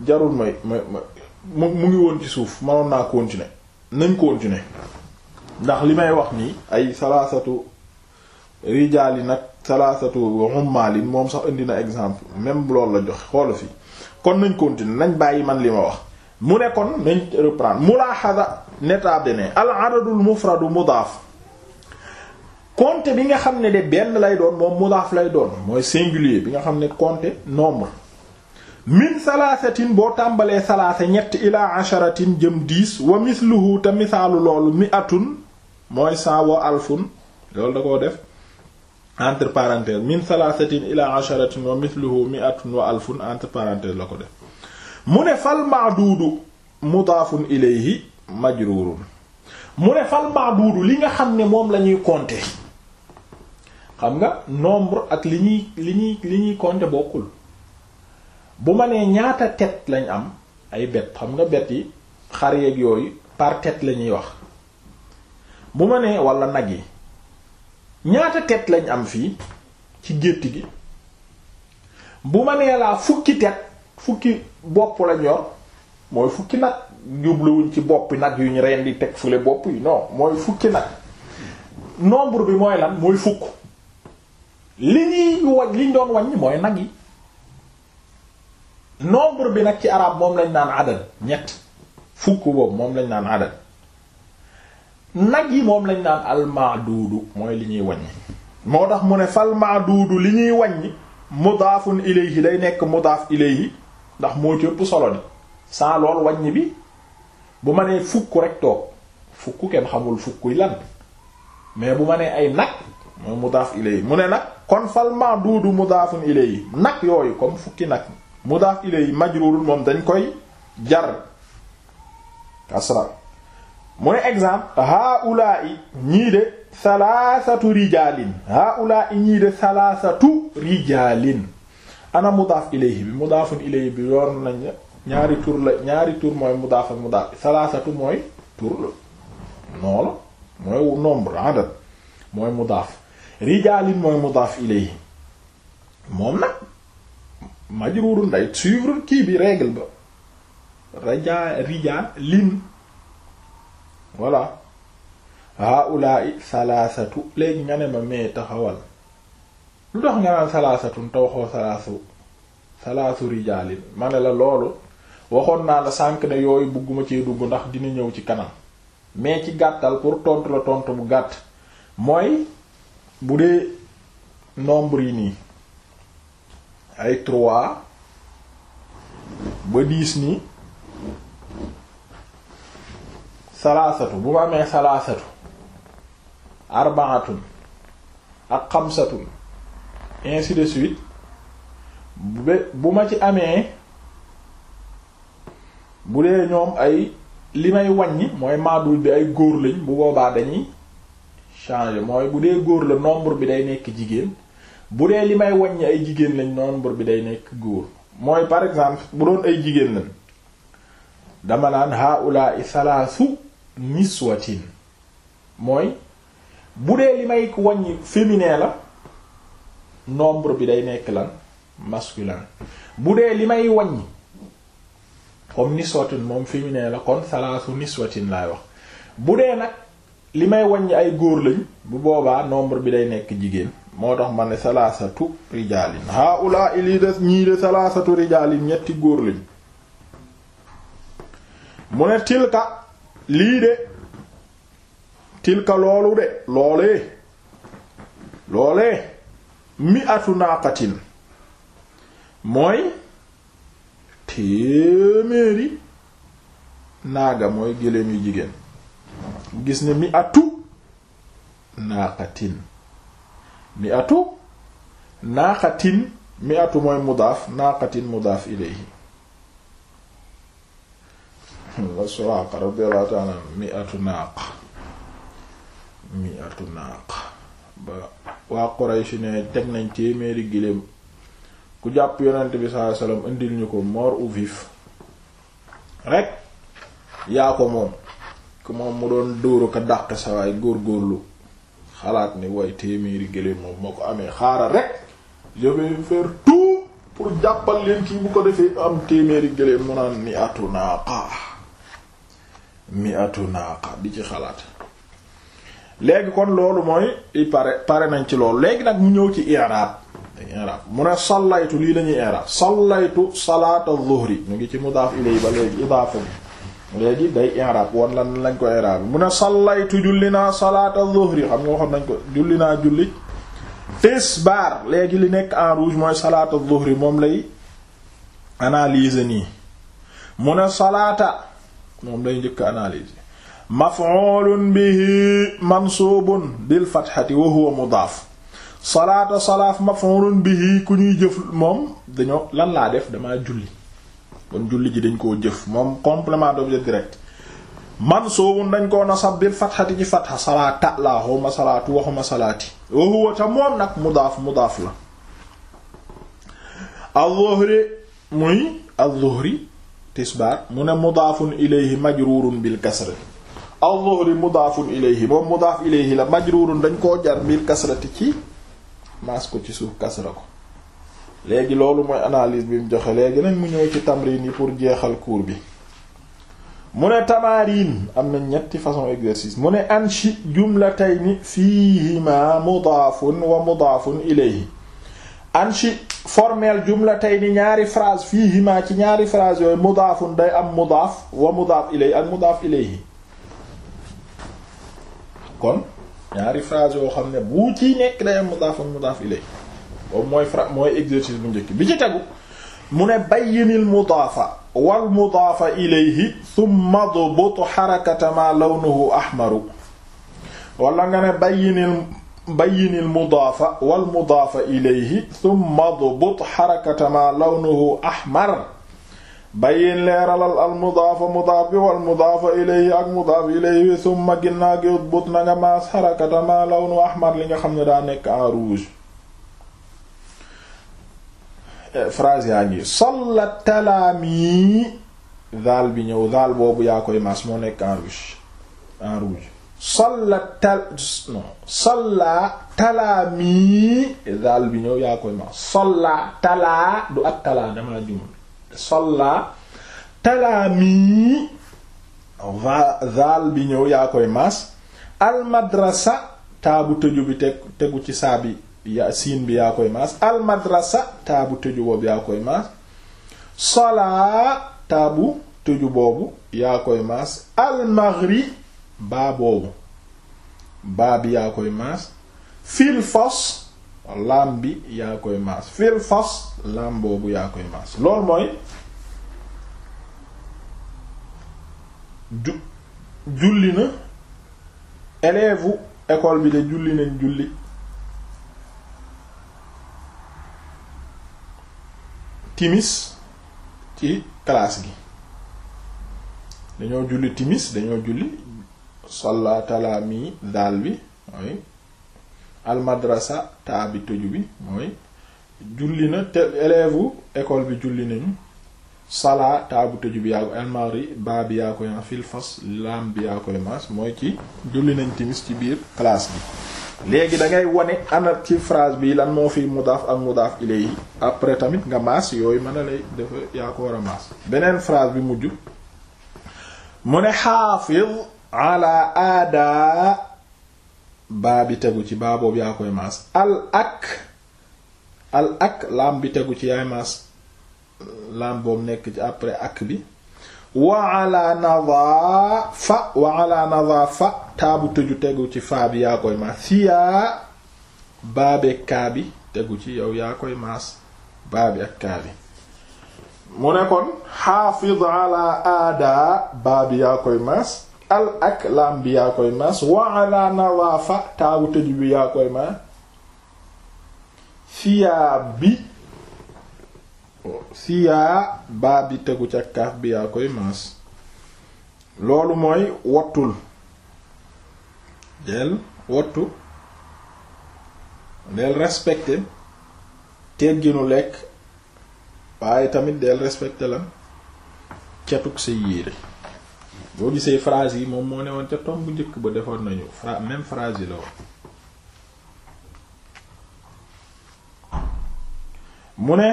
jarul may may mu mu ngi woon ci suuf manoon naa continuer nañ continuer ndax li may wax nii ay salaasatu rijaali nag salaasatu ummaali moom sax indi na exemple même loolu la joxe xoola fii kon nañ continuer nañ bàyyi man li ma wax mu ne kon nañ reprendre mulaaxada netaab ne al adadul mufradu mudaaf compte bi nga xam ne de benn lay doon moom mudaaf lay doon mooy singulier bi nga xam ne compte nombre min salaasatin boo tàmbalee salaasa ñett ilaa asharatin jëm diis wa misluhu te misaalu loolu mi atun mooy saawa alfun loolu da koo def entre parenthèse min salaasatin ilaa asharatin wa misluhu mi atun wa alfun entre la ko def mu ne fal maaduudu mudaafun ilayhi majruurun mu ne fal maaduudu li nga xam ne moom la ñuy compter xam nga nombre ak li ñuy li ñuy li ñuy compter bokkul bu ma nee ñaata tet lañ am ay bet xam nga bet yi xar yeeg yooyu par tet la ñuy wax bu ma nee wala nag yi ñaata tet lañ am fii ci gétt gi bu ma nee laa fukki tet fukki bopp lañ yor mooy fukki nag jubluwuñ ci boppi nag yu ñu reen di teg fule bopp yi non mooy fukki nag nombre bi mooy lan mooy fukk li ñuy wañ liñ doon waññ mooy nag yi nombre bi nag ci arab moom lañ naan adad ñett fukk boobu moom lañ naan adad nag yi moom lañ naan almaaduudu mooy li ñuy wàññi moo tax mu ne fal maaduudu li ñuy wàññi mudaafun ilayhi day nekk mudaaf yi ndax moo ci solo ni sans lool wàññi bi bu ma nee fukk rek toog fukk kenn xamul fukkuy lan mais bu ma nee ay nag mooy mudaaf ilayhi mu ne nag kon fal maaduudu mudaafun ilayhi nag yooyu comme fukki nag mudaaf ilay majruurun moom dañ koy jar kasra mu ne exemple haula'i ñii de thalathatu rijalin haula'i ñii de thalathatu rijalin ana mudaaf ilayhi bi mudaafun ilayhi bi yor nañ ñaari tur la ñaari tur mooy mudaaf ak mudaaf thalathatu mooy tur la noonu mooy nombre adad mooy mudaaf rijalin mooy mudaaf ilayhi moom nag majruurun day suivre kii bi règle ba raja rija lin voilà haula'i salaasatu léegi nga ne ma mee taxawal lu tax nga naan salaasatun te waxoo salaasu salaasu rijaalin ma ne la loolu waxoon naa la sànq ne yooyu bugguma ci dugg ndax dina ñëw ci kanam mais ci gàttal pour tontu la tontu bu gàtt mooy bu dee nombre yi nii ay trois ba dix ni salaasatu bu ma amee salaasatu arbaatun ak xamsatun ainsi de suite bu ma ci amee bu dee ñoom ay li may ni mooy maadul bi ay góor lañ bu boobaa dañuy changer mooy bu dee góor la nombre bi day nekk jigéen bu dee li may wàññi ay jigéen lañ nombre bi day nekk góor mooy par exemple bu doon ay jigéen lañ dama naan haula i salaasu niswatin mooy bu dee li may wàññi féminin la nombre bi day nekk lan masculin bu dee li may wàññi comme niswatin moom féminin la kon salaasu niswatin laay wax bu dee nag li may wàññi ay góor lañ bu boobaa nombre bi day nekk jigéen moo tax ma ne salaasatu rijaalin haula lii de ñii salaasatu rijaalin ñetti góor lañ mu ne tilka lii de tilka loolu de loolee loolee mi atu naaqatin mooy téeméeri naaga mooy géléem yu jigéen gis ne mi atu naaqatin mi atu naaqatin mi atu mooy mudaaf naaqatin mudaaf ilayhi la Suraaqa radiyallahu ta'ala mi atu naaq mi atu naaq ba waa Quraysh ne teg nañ téeméeri giléem ku jàpp yonent bi sallallahu alayhi indil ñu ko mort ou vif rek yaa ko moom ku moom mu doon dóoru ko dàq sawaay góor góorlu xalaat ne way téeméeri gëléem moom moo ko amee xaaral rek je vais tout pour jàppal leen ki bu ko defee am téeméeri gëléem mu naan mi atu naaqa mi atu naaqa di ci xalaat léegi kon loolu mooy i pare pare nañ ci loolu léegi nag mu ñëw ci i'rab i'rab mu ne sallaytu lii lañuy i'rab sallaytu salaata zuhri ñu ngi ci mudaaf ilay ba léegi idaafa léegi day i'rab woon lan lañ ko i'rab mu ne sallaytu julli naa salaata zuhri xam nga waxoon nañ ko julli naa julli tisbaar léegi li nekk en rouge mooy salaata zuhri moom lay analyser nii mu ne salaata moom lay njëkk analyser maf'ulun bihi mansuubun bil fathati wa huwa salaata salaaf maf'ulun bihi ku ñuy jëf moom dañoo lan laa def damaa julli kon julli ji dañ koo jëf moom complément d'objet direct man soowun dañ koo nasab bil fatxati ci fatxa salaata laa salaatu waxuma salaati wa huwa ta moom nag mu ne mudaafun ilayhi majruurun bil kasra az-zuhri ilayhi moom mudaaf ilayhi la majruurun dañ koo jar bil kasrati ci maas ci suuf kasra ko léegi loolu mooy analyse bi mu joxe léegi nag mu ñëw ci tamrin yi pour jeexal cours bi mu ne tamarin am na ñetti façon exercice mu ne anshi jumlatayni fiihima mudaafun wa mudaafun ilayhi anshi formel jumlatayni ñaari phrase fiihima ci ñaari phrase yooyu mudaafun day am mudaaf wa mudaaf ilayhi ak mudaaf ilayhi kon ñaari phrase yoo xam ne bu ci nekk day am mudaaf mudaaf ilayhi boobu mooy mooy exercice bu bi ci tegu mu ne bayyinil mudaafa wal mudaafa ilayhi thumma dbut harakata ma lawnuhu ahmaru wala nga ne bayyinil bayyinil mudaafa wal mudaafa ilayhi thumma dbut harakata ma lawnuhu ahmar bayyin al mudaafa mudaafa ilayhi ak mudaaf gi but na nga maas harakata ma lawnuhu li nga xam ne daa nekk en rouge Euh, phrase yaa ngi solla talaami daal bi ñëw daal boobu yaa koy maas moo nekk en rouge solla tal solla bi ñëw yaa koy solla talaa du ak talaa dama jumul bi ñëw yaa koy maas almadrasa taabu tëju bi tegu ci saa bi yaa siin bi yaa koy maas almadrasa taabu tëju boobu yaa koy maas solaa taabu tëju boobu yaa koy maas almagri baa boobu baa bi yaa koy maas fil fos laam bi yaa koy maas fil fos laam boobu yaa koy maas loolu mooy ju julli na élève école bi de julli nañ julli timis ci classe gi dañoo julli timis dañoo julli salaatalaami daal bi mooy almadrasa taa bi tëju bi mooy julli na te élève u bi julli nañu salaa taa bu bi yaa ko almari baa bi yaa ko yan fil yaa ko mas mooy ci julli nañ timis ci biir classe bi léegi da ngay wane ana ci phrase bi lan moo fi mudaaf ak mudaaf ilayhi après tamit nga maas yooyu mën a lay dafa yaa ko war a maas beneen phrase bi mujj mu ne xaafiz ala aada baa bi tegu ci baa boobu yaa koy maas al ak al ak laam bi tegu ci yaay maas laam boobu nekk ci après ak bi waala nada fa taabu tëju tegu ci faa bi yaa koy maas siyaa baabe bi tegu ci yow yaa koy maas baabi bi mu ne kon xaafid ala aada baabi yaa koy maas al ak laam yaa koy maas waala nada fa taabu tëju bi yaa koy maas siyaa bi siyaa baa bi tegu ca kaaf bi yaa koy maas loolu mooy wattul del wattu del respecté nu lekk waaye tamit del respecté la cetug sa yéere boo gisee phrase yi moom moo ne woon ca tomb bu njëkk ba defoon nañu fra même phrase yi la woon mu ne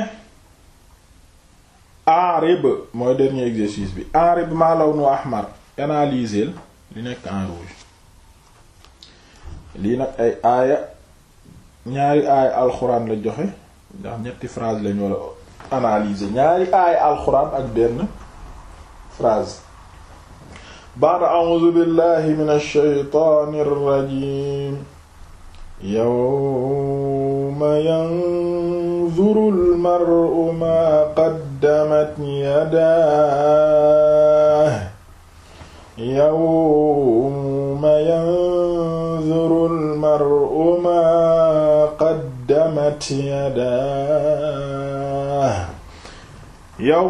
arib mooy dernier exercice bi arib ma lawnu ahmar analyser li nekk en rouge lii ay aaya ñaari aaya alxuraan la joxe ndax ñetti phrase lañu wala analyser ñaari aaya alxuraan ak benn phrase ba'da a'uuzu billahi minash shaytaanir rajiim yawma yan yanzuru al-mar'u maa qaddamat yadaahu yawma yanzuru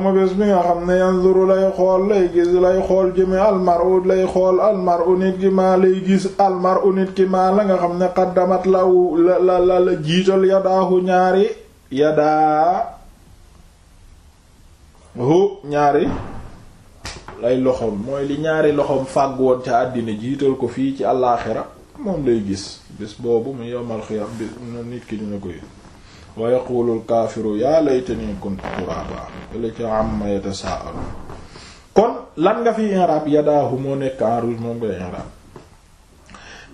xam ne yanzuru lay xool lay gis lay xool jëme almaru lay xool almaru nit ki maa lay gis almaru nit ki maa la nga xam ne xaddamat la la la la jiital yadaahu ñaari yadaa hu ñaari lay loxoom mooy li ñaari loxoom fàgg woon ca àddina jiital ko fii ci àllaaxira moom lay gis bés boobu mu yomal xiyam bi nit ki dina koy wa yaqulu al kaafiru yaa laytani kuntu turaaba li ca amma yatasaalu kon lan nga fi i'raab yadaahu moo nekk en moom nga i'raab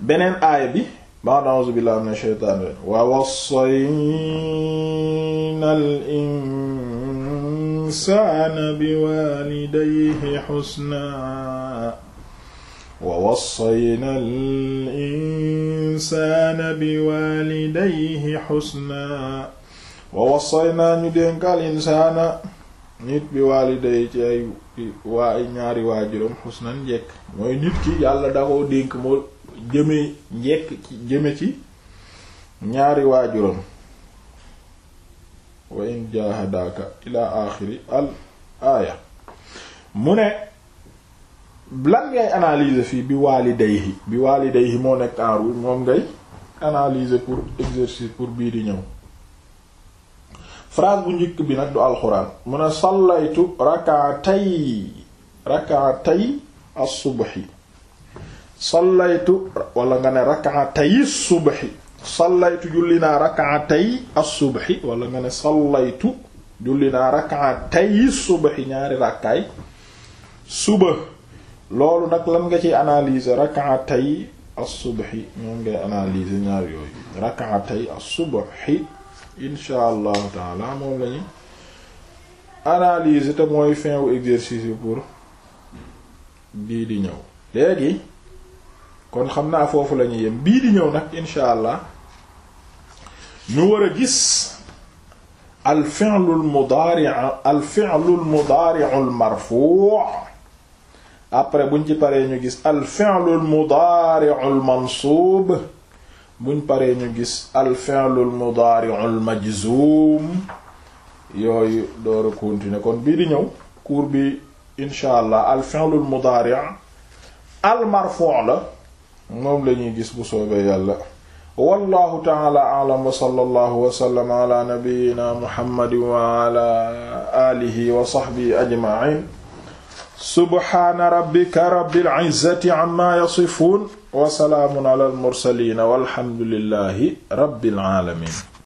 beneen aay bi ba'd a'uuzu billaahi mina shaytaani wa wassayna al-insaana biwaalidayhi husnaa wa wassayna al-insaana biwaalidayhi husnaa wa wassayna ñu dénkal insaana nit bi waaliday ci ay waa ay ñaari waajuram xusnan njekk mooy nit ki yàlla da ko dénk moo jëme njekk ci jëme ci ñaari waajuram wa in jahadaka ila axiri al aaya mu ne lan ngay analyser fii bi waalidayhi bi waalidayhi moo nekk en rouge moom ngay analyser pour exercice pour bii di ñëw phrase bu njëkk bi nag du alxuraan mu ne sallaytu rakaatay rakaatay as-subhi sallaytu wala nga ne rak'atay subhi sallaytu julli naa rak'atay as-subhi wala nga ne sallaytu julli naa rak'atay subhi ñaari rakkaay suba loolu nag lan nga ci analise rak'atay as-subhi ñoom ngay analyser ñaar yooyu rak'atay as-subhi insha allahu taala moom lañu analyser te mooy fin wu exercice yi pour bii di ñëw léegi kon xam naa foofu lañu ñuy yem bii di ñëw nag incha allah ñu war a gis al fi'lu mudaari' al fi'lu après buñ ci paree ñu gis al fi'lu paree ñu gis al fi'lu al mudaari' al majzuum ñëw incha allah al la moom lañuy gis bu soobee yàlla wallahu taala alam wa sallallahu wa sallam ala nabiyyina muhammadin wa ala alihi wa sahbihi ajma'in subhana rabbika rabbil izzati amma yasifun wa salaamun ala al mursalin walhamdulillahi rabbil alamin